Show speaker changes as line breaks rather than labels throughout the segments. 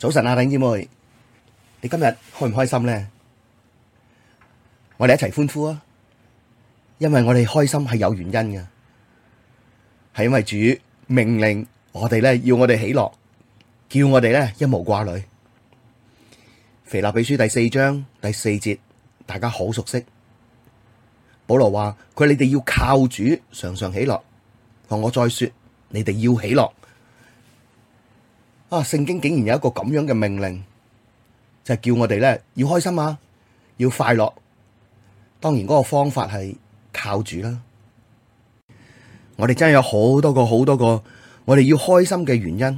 早晨啊，頂姐妹，你今日開唔開心咧？
我哋一齊歡呼啊！因為我哋開心係有原因噶，係因為主命令我哋咧，要我哋喜樂，叫我哋咧一無掛慮。腓立比書第四章第四節，
大家好熟悉。保羅話：佢你哋要靠主，常常喜
樂。同我再說，你哋要喜樂。啊！聖經竟然有一個咁樣嘅命令，就係、是、叫我哋咧要開心啊，要
快樂。當然嗰個方法係靠主啦。
我哋真係有好多個好多個，多個我哋要開心嘅原因，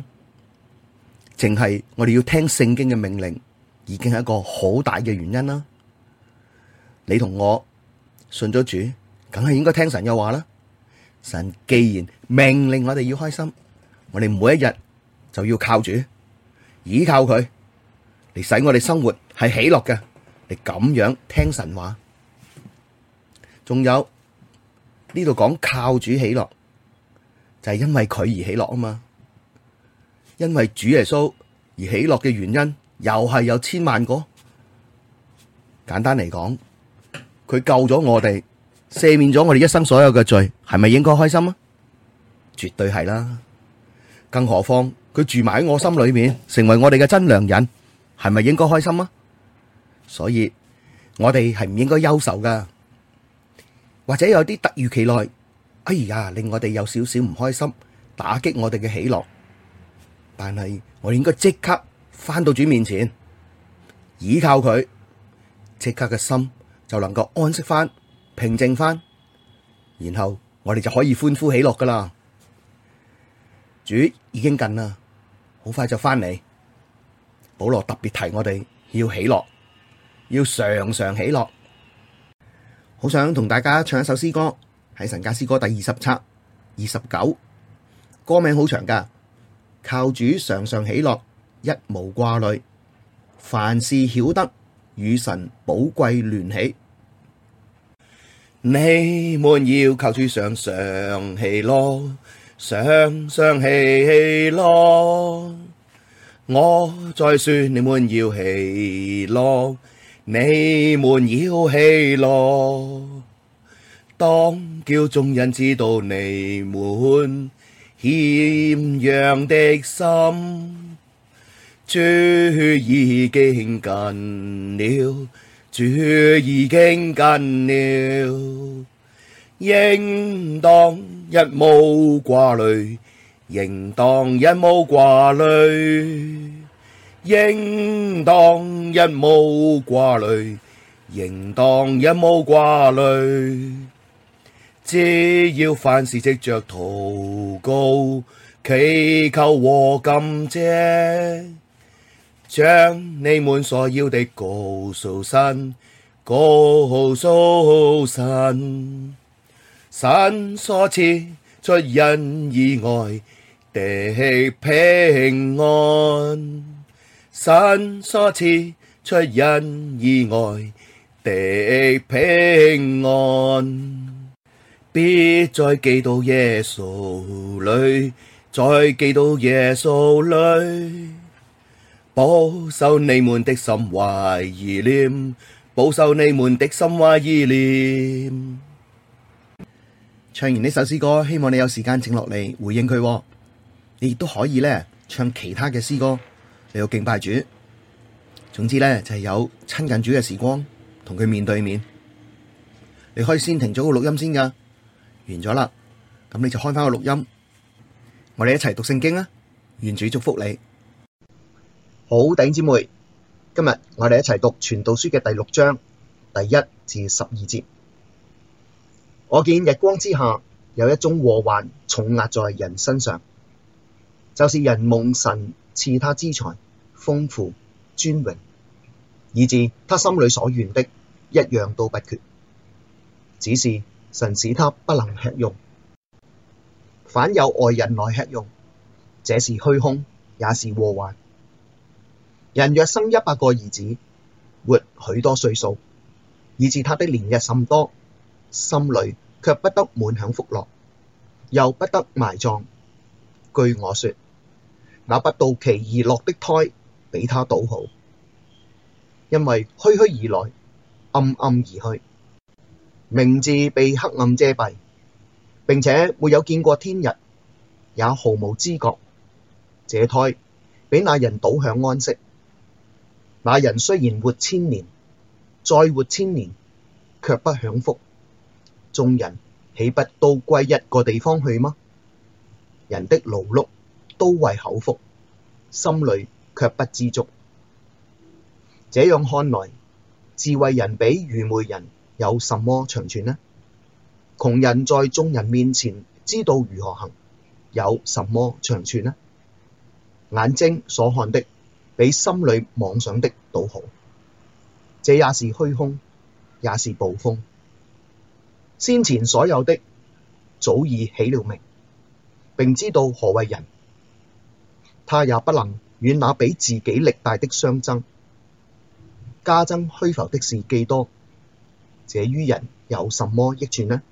淨係我哋要聽聖經嘅命令，已經係一個好大嘅原因啦。
你同我信咗主，梗係應該聽神嘅話啦。
神既然命令我哋要開心，我哋每一日，就要靠主，倚靠佢嚟使我哋生活係喜樂嘅。你咁樣聽神話，仲有呢度講靠主
喜樂，就係、是、因為佢而喜樂啊嘛。因為主耶穌
而喜樂嘅原因，又係有千萬個。簡單嚟講，佢救咗我哋，赦免咗我哋一生所有嘅罪，係咪應該開心啊？絕對係啦，更何況。佢住埋喺我心裏面，成為我哋嘅真良人，係咪應該開心啊？所以
我哋係唔應該憂愁噶，或者有啲突如其來，哎呀令我哋有少少唔開心，打擊我哋嘅喜樂，但係我哋應該即刻翻到主面前，倚靠佢，即刻嘅心就能夠安息翻、平靜翻，然後我哋就可以歡呼喜樂噶啦。主已經近啦。好快就翻嚟，保羅特別提我哋要喜樂，要常常喜樂。好想同大家唱一首詩歌，係神家詩歌第二十冊二十九，歌名好長噶，靠主常常喜樂，
一無掛慮，凡事曉得與神寶貴聯起，你們要靠主常常喜樂。常常喜樂，我再說，你們要喜樂，你們要喜樂。當叫眾人知道你們謙讓的心，主已經近，近了，主已經近，近了，應當。一無掛慮，應當一無掛慮，應當一無掛慮，應當一無掛慮。只要凡事藉着禱告、祈求和感謝，將你們所要的告訴神，告訴神。神所賜出人意外的平安，神所賜出人意外的平安，必在基督耶穌裡，在基督耶穌裡，保守你們的心懷意念，保守你們的心懷意念。唱完呢首詩歌，希望你有時間靜落嚟，回應佢。你亦都可以咧，唱其他嘅詩歌
嚟,到敬拜主。總之咧，就係、是、有親近主嘅時光，同佢面對面。你可以先停咗個錄音先噶，完咗啦，咁你就開翻個錄音，我哋一齊讀聖經啊！願主祝福你，好，弟兄姊妹。今日我哋一齊讀《傳道書》嘅第六章第一至十二節。我見日光之下有一宗禍患重壓在人身上，就是人蒙神賜他資財、豐富、尊榮，以致他心裡所願的，一樣都不缺。只是神使他不能吃用，反有外人來吃用，這是虛空，也是禍患。人若生一百個兒子，活許多歲數，以致他的年日甚多。心裡卻不得滿享福樂，又不得埋葬。據我說，那不到期而落的胎，比他倒好，因為虛虛而來，暗暗而去，名字被黑暗遮蔽，並且沒有見過天日，也毫無知覺。這胎比那人倒享安息，那人雖然活千年，再活千年，卻不享福。眾人豈不都歸一個地方去嗎？人的勞碌都為口腹，心裡卻不知足。這樣看來，智慧人比愚昧人有什麼長處呢？窮人在眾人面前知道如何行，有什麼長處呢？眼睛所看的比心裡妄想的倒好。這也是虛空，也是捕風。先前所有的，早已起了名，並知道何為人，他也不能與那比自己力大的相爭。加增虛浮的事既多，這於人有什麼益處呢？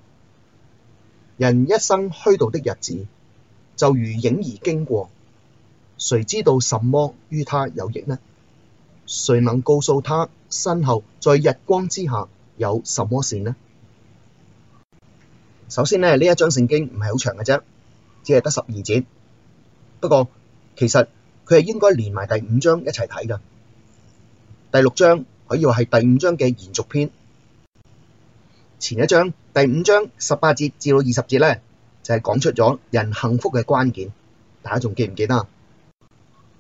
人一生虛度的日子，就如影兒經過，誰知道什麼於他有益呢？誰能告訴他身後在日光之下有什麼事呢？首先呢，呢一章聖經唔係好長嘅啫，只係得十二節。不過其實佢係應該連埋第五章一齊睇㗎。第六章可以話係第五章嘅延續篇。前一章第五章十八節至到二十節呢，就係、是、講出咗人幸福嘅關鍵。大家仲記唔記得？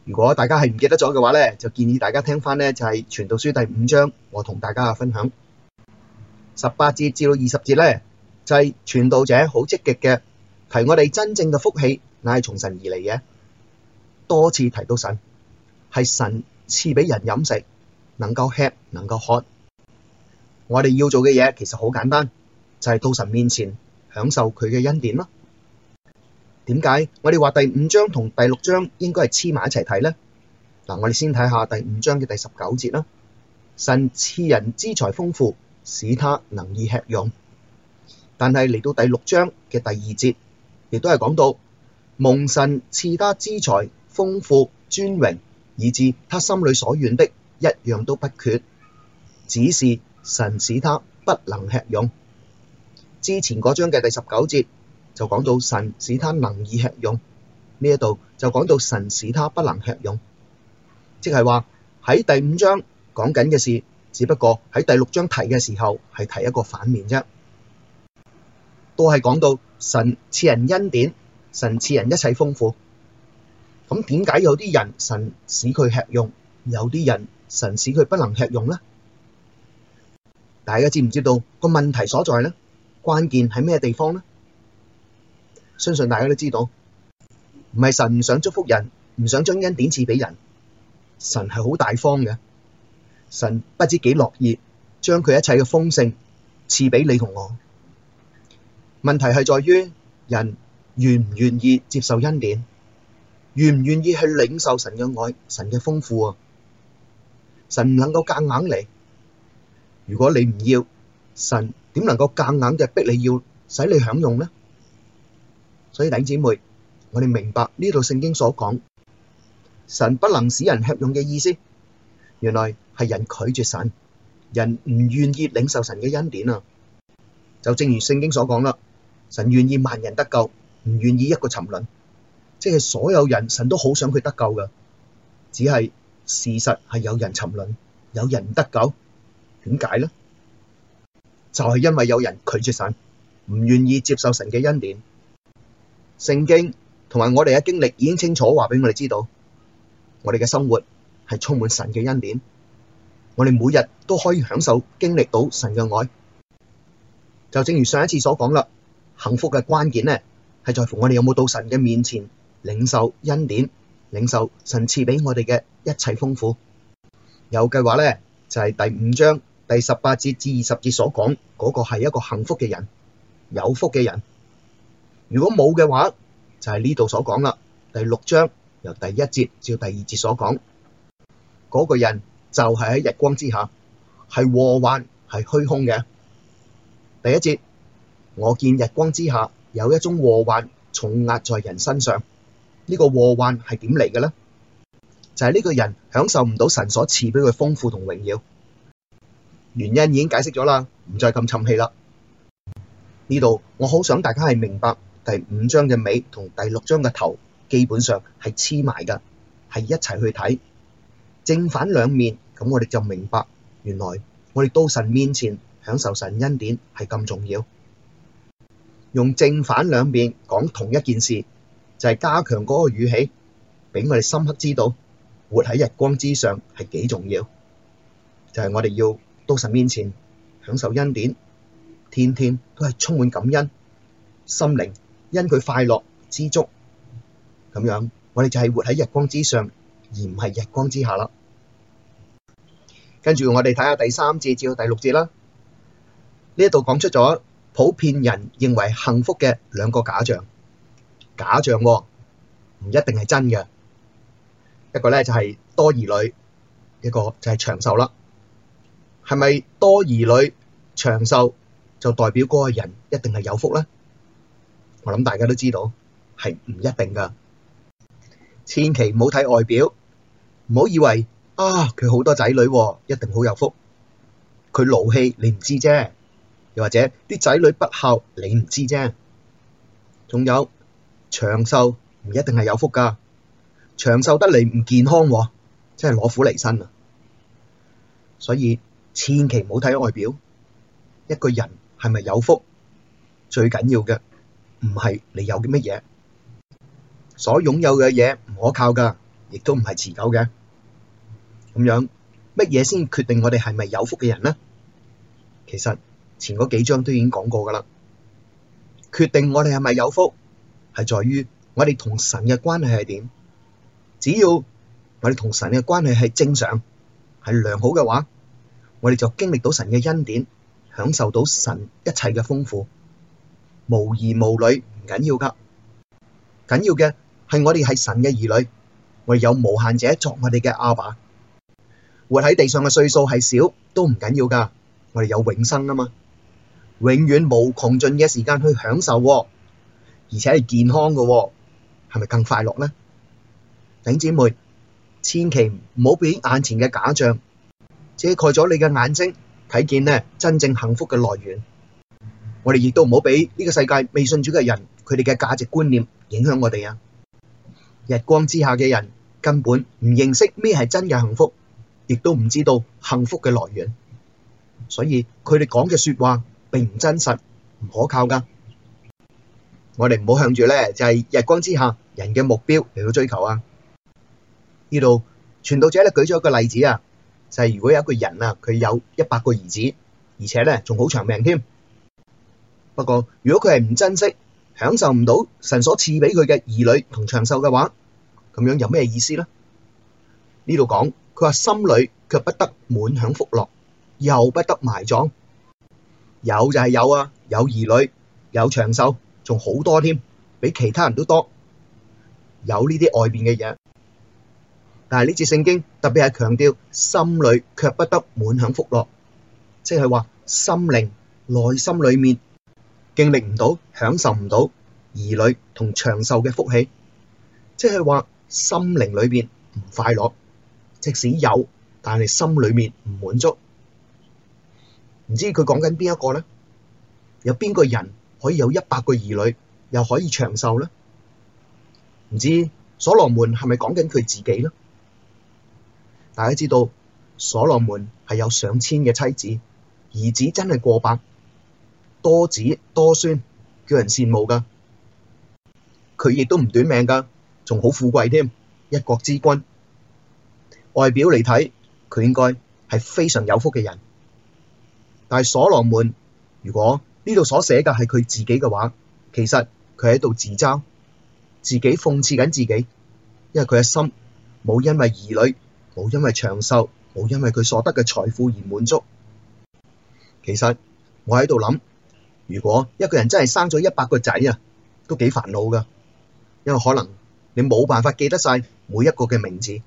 如果大家係唔記得咗嘅話呢，就建議大家聽翻呢，就係《傳道書》第五章，我同大家嘅分享。十八節至到二十節呢。係傳道者好積極嘅提我哋真正嘅福氣，乃係從神而嚟嘅。多次提到神，係神賜俾人飲食，能夠吃，能夠喝。我哋要做嘅嘢其實好簡單，就係、是、到神面前享受佢嘅恩典咯。點解我哋話第五章同第六章應該係黐埋一齊睇呢？嗱，我哋先睇下第五章嘅第十九節啦。神賜人資財豐富，使他能以吃用。但係嚟到第六章嘅第二節，亦都係講到，蒙神賜他資財豐富尊榮，以致他心裡所願的，一樣都不缺，只是神使他不能吃用。之前嗰章嘅第十九節就講到神使他能以吃用，呢一度就講到神使他不能吃用，即係話喺第五章講緊嘅事，只不過喺第六章提嘅時候係提一個反面啫。都係講到神賜人恩典，神賜人一切豐富。咁點解有啲人神使佢吃用，有啲人神使佢不能吃用呢？大家知唔知道個問題所在呢？關鍵係咩地方呢？相信大家都知道，唔係神唔想祝福人，唔想將恩典賜俾人。神係好大方嘅，神不知幾樂意將佢一切嘅豐盛賜俾你同我。問題係在於人願唔願意接受恩典，願唔願意去領受神嘅愛、神嘅豐富啊？神唔能夠夾硬嚟，如果你唔要，神點能夠夾硬嘅逼你要，使你享用呢？所以弟姐妹，我哋明白呢度聖經所講神不能使人吃用嘅意思，原來係人拒絕神，人唔願意領受神嘅恩典啊！就正如聖經所講啦。神願意萬人得救，唔願意一個沉淪，即係所有人神都好想佢得救㗎。只係事實係有人沉淪，有人唔得救，點解呢？就係、是、因為有人拒絕神，唔願意接受神嘅恩典。聖經同埋我哋嘅經歷已經清楚話俾我哋知道，我哋嘅生活係充滿神嘅恩典，我哋每日都可以享受經歷到神嘅愛。就正如上一次所講啦。幸福嘅關鍵呢，係在乎我哋有冇到神嘅面前領受恩典，領受神賜俾我哋嘅一切豐富。有嘅話呢，就係第五章第十八節至二十節所講嗰個係一個幸福嘅人，有福嘅人。如果冇嘅話，就係呢度所講啦。第六章由第一節至第二節所講，嗰個人就係喺日光之下，係禍患，係虛空嘅。第一節。我見日光之下有一宗禍患，重壓在人身上。呢、這個禍患係點嚟嘅呢？就係、是、呢個人享受唔到神所賜俾佢豐富同榮耀。原因已經解釋咗啦，唔再咁沉氣啦。呢度我好想大家係明白第五章嘅尾同第六章嘅頭，基本上係黐埋噶，係一齊去睇正反兩面。咁我哋就明白，原來我哋到神面前享受神恩典係咁重要。用正反兩邊講同一件事，就係、是、加強嗰個語氣，畀我哋深刻知道活喺日光之上係幾重要。就係、是、我哋要到神面前享受恩典，天天都係充滿感恩，心靈因佢快樂知足咁樣，我哋就係活喺日光之上，而唔係日光之下啦。跟住我哋睇下第三節至到第六節啦。呢度講出咗。普遍人認為幸福嘅兩個假象，假象喎，唔一定係真嘅。一個咧就係多兒女，一個就係長壽啦。係咪多兒女長壽就代表嗰個人一定係有福咧？我諗大家都知道係唔一定㗎，千祈唔好睇外表，唔好以為啊佢好多仔女喎，一定好有福，佢勞氣你唔知啫。又或者啲仔女不孝，你唔知啫。仲有長壽唔一定係有福噶，長壽得嚟唔健康，啊，即係攞苦嚟辛啊！所以千祈唔好睇外表，一個人係咪有福，最緊要嘅唔係你有啲乜嘢，所擁有嘅嘢唔可靠噶，亦都唔係持久嘅。咁樣，乜嘢先決定我哋係咪有福嘅人呢？其實。前嗰幾章都已經講過㗎啦。決定我哋係咪有福，係在於我哋同神嘅關係係點？只要我哋同神嘅關係係正常、係良好嘅話，我哋就經歷到神嘅恩典，享受到神一切嘅豐富。無兒無女唔緊要㗎，緊要嘅係我哋係神嘅兒女，我哋有無限者作我哋嘅阿爸。活喺地上嘅歲數係少，都唔緊要㗎，我哋有永生啊嘛。永遠冇窮盡嘅時間去享受啊，而且係健康嘅啊，係咪更快樂呢？頂姐妹，千祈唔好俾眼前嘅假象遮蓋咗你嘅眼睛，睇見呢真正幸福嘅來源。我哋亦都唔好俾呢個世界未信主嘅人佢哋嘅價值觀念影響我哋啊！日光之下嘅人根本唔認識咩係真嘅幸福，亦都唔知道幸福嘅來源，所以佢哋講嘅說話。並唔真實，唔可靠噶。我哋唔好向住咧，就係日光之下人嘅目標嚟到追求啊！呢度傳道者咧舉咗一個例子啊，就係如果有一個人啊，佢有一百個兒子，而且咧仲好長命添。不過，如果佢係唔珍惜、享受唔到神所賜俾佢嘅兒女同長壽嘅話，咁樣有咩意思咧？呢度講，佢話心裡卻不得滿享福樂，又不得埋葬。有就係有啊，有兒女，有長壽，仲好多添，比其他人都多，有呢啲外邊嘅嘢。但係呢次聖經特別係強調，心裏卻不得滿享福樂，即係話心靈內心裡面經歷唔到，享受唔到兒女同長壽嘅福氣，即係話心靈裡面唔快樂，即使有，但係心裡面唔滿足。唔知佢講緊邊一個咧？有邊個人可以有一百個兒女又可以長壽咧？唔知所羅門係咪講緊佢自己咧？大家知道所羅門係有上千嘅妻子，兒子真係過百，多子多孫叫人羨慕噶。佢亦都唔短命噶，仲好富貴添，一國之君。外表嚟睇，佢應該係非常有福嘅人。但係所羅門，如果呢度所寫嘅係佢自己嘅話，其實佢喺度自嘲，自己諷刺緊自己，因為佢嘅心冇因為兒女，冇因為長壽，冇因為佢所得嘅財富而滿足。其實我喺度諗，如果一個人真係生咗一百個仔啊，都幾煩惱㗎，因為可能你冇辦法記得晒每一個嘅名字，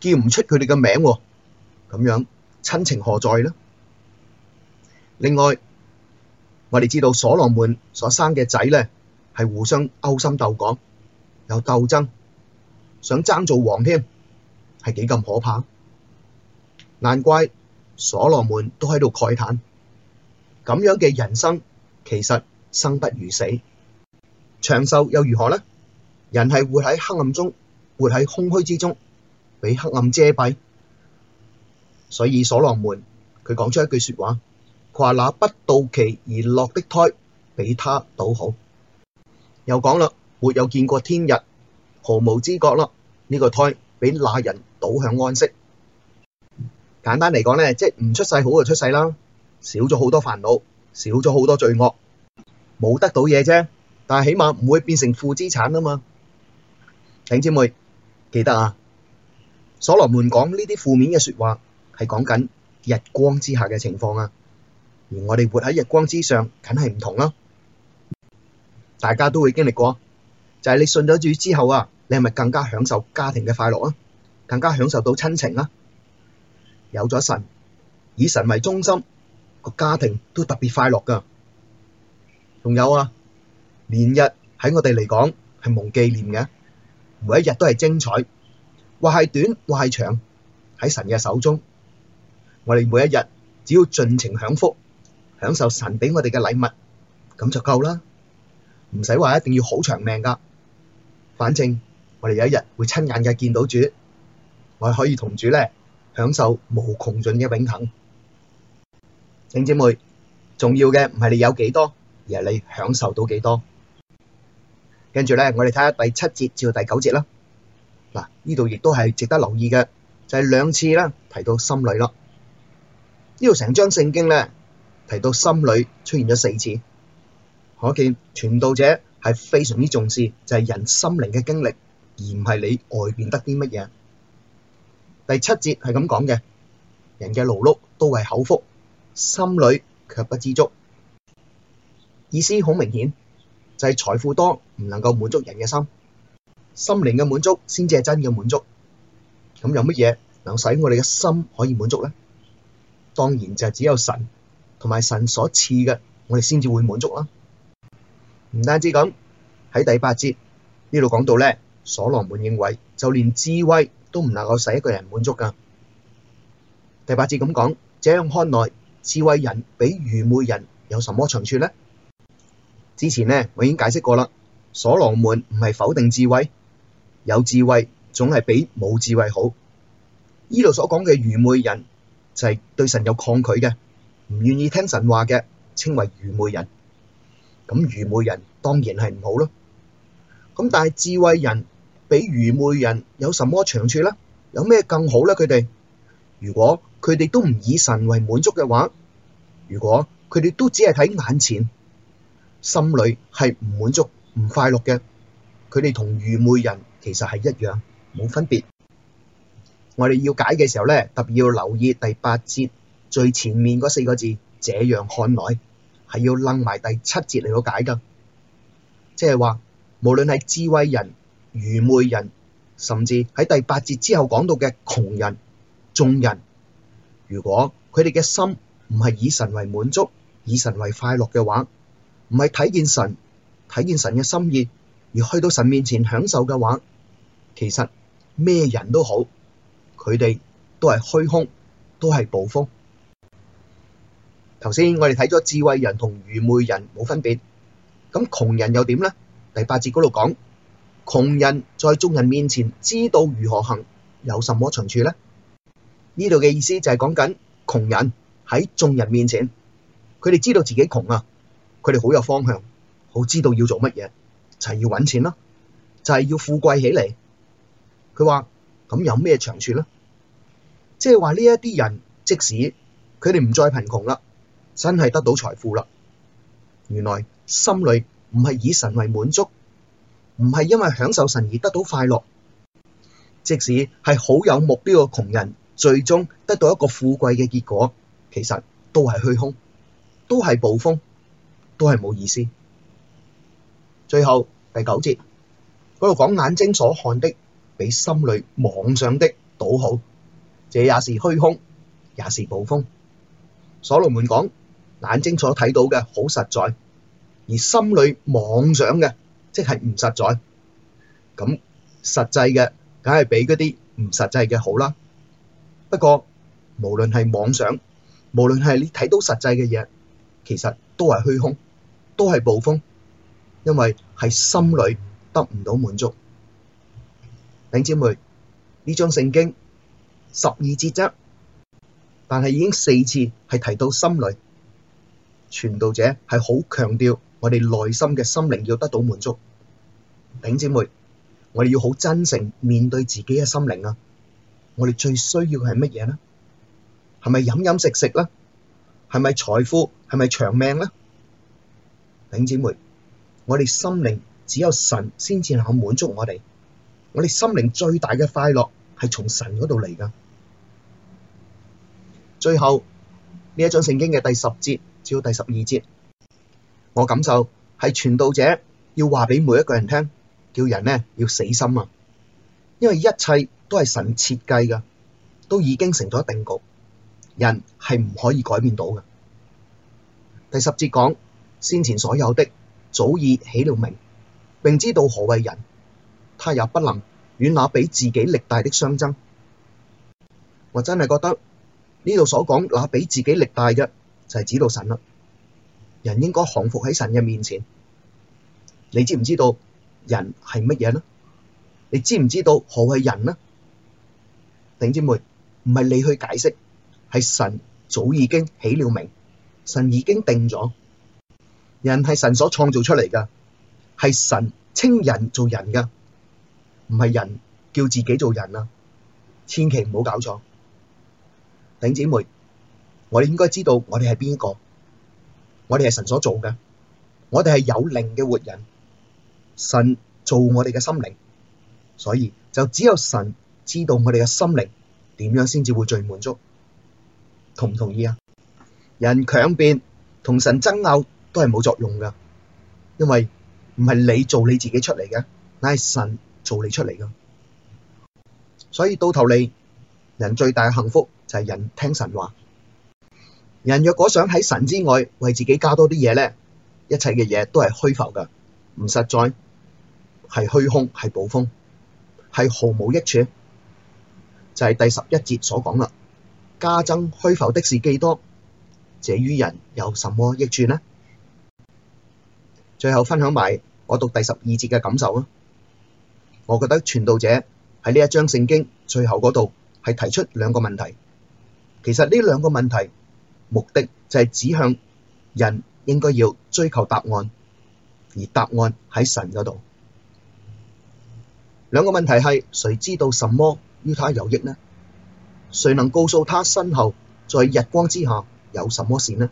叫唔出佢哋嘅名，咁樣親情何在呢？另外，我哋知道所羅門所生嘅仔咧，係互相勾心鬥角，有鬥爭，想爭做王添，係幾咁可怕。難怪所羅門都喺度慨嘆，咁樣嘅人生其實生不如死，長壽又如何咧？人係活喺黑暗中，活喺空虛之中，俾黑暗遮蔽。所以所羅門佢講出一句說話。話那不到期而落的胎比他倒好，又講啦，沒有見過天日，毫無知覺啦。呢個胎比那人倒享安息。簡單嚟講咧，即係唔出世好就出世啦，少咗好多煩惱，少咗好多罪惡，冇得到嘢啫，但係起碼唔會變成負資產啊嘛。頂姐妹記得啊，所羅門講呢啲負面嘅說話係講緊日光之下嘅情況啊。而我哋活喺日光之上，梗係唔同啦。大家都會經歷過，就係、是、你信咗主之後啊，你係咪更加享受家庭嘅快樂啊？更加享受到親情啊？有咗神，以神為中心，個家庭都特別快樂噶。仲有啊，年日喺我哋嚟講係無紀念嘅，每一日都係精彩，或係短或係長，喺神嘅手中，我哋每一日只要盡情享福。享受神俾我哋嘅禮物，咁就夠啦，唔使話一定要好長命噶，反正我哋有一日會親眼嘅見到主，我哋可以同主咧享受無窮盡嘅永恆。兄姐妹，重要嘅唔係你有幾多，而係你享受到幾多。跟住咧，我哋睇下第七節至到第九節啦。嗱，呢度亦都係值得留意嘅，就係兩次啦提到心裏咯。呢度成張聖經咧。提到心裡出現咗四次，可見傳道者係非常之重視，就係人心靈嘅經歷，而唔係你外邊得啲乜嘢。第七節係咁講嘅：人嘅勞碌都係口腹，心裡卻不知足。意思好明顯，就係、是、財富多唔能夠滿足人嘅心，心靈嘅滿足先至係真嘅滿足。咁有乜嘢能使我哋嘅心可以滿足咧？當然就係只有神。同埋神所賜嘅，我哋先至會滿足啦、啊。唔單止咁，喺第八節呢度講到咧，所羅門認為就連智慧都唔能夠使一個人滿足噶第八節咁講，這樣看來，智慧人比愚昧人有什麼長處呢？之前咧我已經解釋過啦，所羅門唔係否定智慧，有智慧總係比冇智慧好。呢度所講嘅愚昧人就係、是、對神有抗拒嘅。唔願意聽神話嘅，稱為愚昧人。咁愚昧人當然係唔好咯。咁但係智慧人比愚昧人有什麼長處呢？有咩更好呢？佢哋如果佢哋都唔以神為滿足嘅話，如果佢哋都只係睇眼前，心裏係唔滿足、唔快樂嘅，佢哋同愚昧人其實係一樣，冇分別。我哋要解嘅時候咧，特別要留意第八節。最前面嗰四個字，這樣看來係要擸埋第七節嚟解嘅，即係話，無論係智慧人、愚昧人，甚至喺第八節之後講到嘅窮人、眾人，如果佢哋嘅心唔係以神為滿足、以神為快樂嘅話，唔係睇見神、睇見神嘅心意，而去到神面前享受嘅話，其實咩人都好，佢哋都係虛空，都係捕風。頭先我哋睇咗智慧人同愚昧人冇分別，咁窮人又點咧？第八節嗰度講，窮人在眾人面前知道如何行，有什麼長處咧？呢度嘅意思就係講緊窮人喺眾人面前，佢哋知道自己窮啊，佢哋好有方向，好知道要做乜嘢，就係要搵錢咯啊，就係要富貴起嚟。佢話咁有咩長處咧？即係話呢一啲人，即使佢哋唔再貧窮啦。真係得到財富啦！原來心裏唔係以神為滿足，唔係因為享受神而得到快樂。即使係好有目標嘅窮人，最終得到一個富貴嘅結果，其實都係虛空，都係捕風，都係冇意思。最後第九節嗰度講，眼睛所看的比心裏妄想的倒好，這也是虛空，也是捕風。所羅門講。眼睛所睇到嘅好實在，而心裏妄想嘅即係唔實在。咁實際嘅梗係比嗰啲唔實際嘅好啦。不過無論係妄想，無論係你睇到實際嘅嘢，其實都係虛空，都係捕風，因為係心裏得唔到滿足。頂姐妹呢章聖經十二節啫，但係已經四次係提到心裏。傳道者係好強調，我哋內心嘅心靈要得到滿足。頂姐妹，我哋要好真誠面對自己嘅心靈啊！我哋最需要嘅係乜嘢呢？係咪飲飲食食咧？係咪財富？係咪長命咧？頂姐妹，我哋心靈只有神先至能夠滿足我哋。我哋心靈最大嘅快樂係從神嗰度嚟噶。最後呢一章聖經嘅第十節。照第十二節，我感受係傳道者要話俾每一個人聽，叫人呢要死心啊，因為一切都係神設計㗎，都已經成咗定局，人係唔可以改變到㗎。第十節講，先前所有的早已起了名，並知道何為人，他也不能與那比自己力大的相爭。我真係覺得呢度所講那比自己力大嘅。就係指到神啦，人應該降服喺神嘅面前。你知唔知道人係乜嘢呢？你知唔知道何為人呢？頂姐妹，唔係你去解釋，係神早已經起了名，神已經定咗，人係神所創造出嚟噶，係神稱人做人噶，唔係人叫自己做人啊！千祈唔好搞錯，頂姐妹。我哋應該知道，我哋係邊一個？我哋係神所做嘅，我哋係有靈嘅活人。神做我哋嘅心靈，所以就只有神知道我哋嘅心靈點樣先至會最滿足。同唔同意啊？人強辯同神爭拗都係冇作用㗎，因為唔係你做你自己出嚟嘅，乃係神做你出嚟㗎。所以到頭嚟，人最大嘅幸福就係人聽神話。人若果想喺神之外為自己加多啲嘢咧，一切嘅嘢都係虛浮噶，唔實在係虛空，係捕風，係毫無益處。就係第十一節所講啦，加增虛浮的事既多，這於人有什麼益處呢？最後分享埋我讀第十二節嘅感受啦。我覺得傳道者喺呢一章聖經最後嗰度係提出兩個問題，其實呢兩個問題。目的就係指向人應該要追求答案，而答案喺神嗰度。兩個問題係：誰知道什麼於他有益呢？誰能告訴他身後在日光之下有什麼事呢？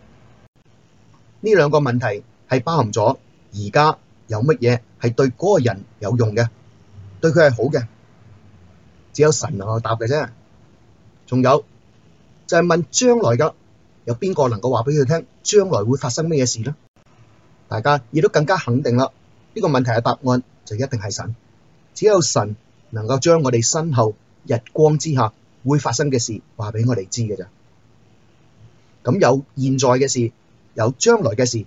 呢兩個問題係包含咗而家有乜嘢係對嗰個人有用嘅，對佢係好嘅，只有神能夠答嘅啫。仲有就係、是、問將來嘅。有邊個能夠話俾佢聽，將來會發生咩事呢？大家亦都更加肯定啦。呢個問題嘅答案就一定係神，只有神能夠將我哋身後日光之下會發生嘅事話俾我哋知嘅咋。咁有現在嘅事，有將來嘅事，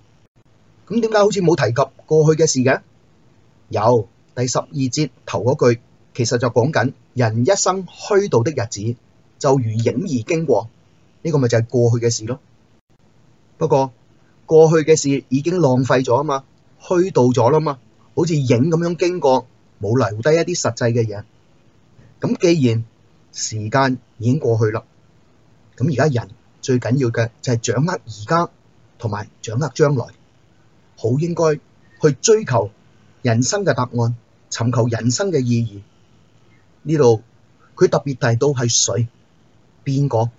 咁點解好似冇提及過去嘅事嘅？有第十二節頭嗰句，其實就講緊人一生虛度的日子就如影兒經過。呢個咪就係過去嘅事咯。不過過去嘅事已經浪費咗啊嘛，虛度咗啦嘛，好似影咁樣經過，冇留低一啲實際嘅嘢。咁既然時間已經過去啦，咁而家人最緊要嘅就係掌握而家同埋掌握將來，好應該去追求人生嘅答案，尋求人生嘅意義。呢度佢特別提到係誰，邊個？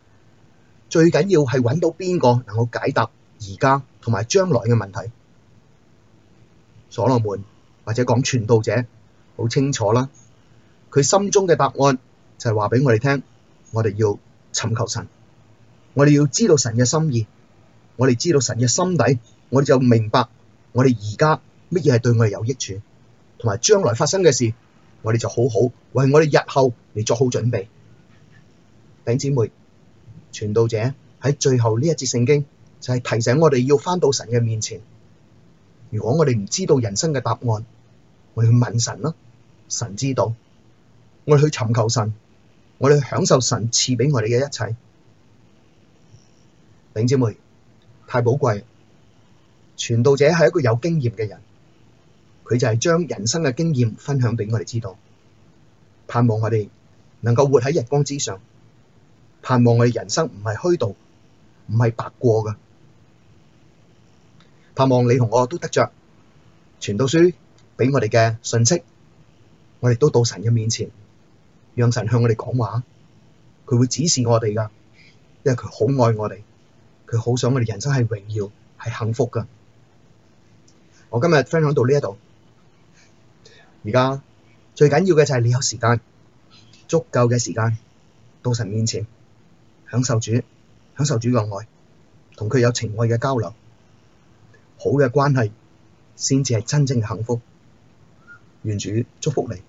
最緊要係搵到邊個能夠解答而家同埋將來嘅問題。所羅門或者講傳道者好清楚啦，佢心中嘅答案就係話俾我哋聽，我哋要尋求神，我哋要知道神嘅心意，我哋知道神嘅心底，我哋就明白我哋而家乜嘢係對我哋有益處，同埋將來發生嘅事，我哋就好好為我哋日後嚟做好準備，頂姊妹。傳道者喺最後呢一節聖經就係提醒我哋要返到神嘅面前。如果我哋唔知道人生嘅答案，我哋去問神咯。神知道，我哋去尋求神，我哋去享受神賜畀我哋嘅一切。弟兄姊妹，太寶貴。傳道者係一個有經驗嘅人，佢就係將人生嘅經驗分享俾我哋知道，盼望我哋能夠活喺日光之上。盼望我哋人生唔係虛度，唔係白過噶。盼望你同我都得着傳道書畀我哋嘅信息，我哋都到神嘅面前，讓神向我哋講話，佢會指示我哋噶，因為佢好愛我哋，佢好想我哋人生係榮耀，係幸福噶。我今日分享到呢一度，而家最緊要嘅就係你有時間足夠嘅時間到神面前。享受主，享受主嘅愛，同佢有情愛嘅交流，好嘅關係，先至係真正嘅幸福。願主祝福你。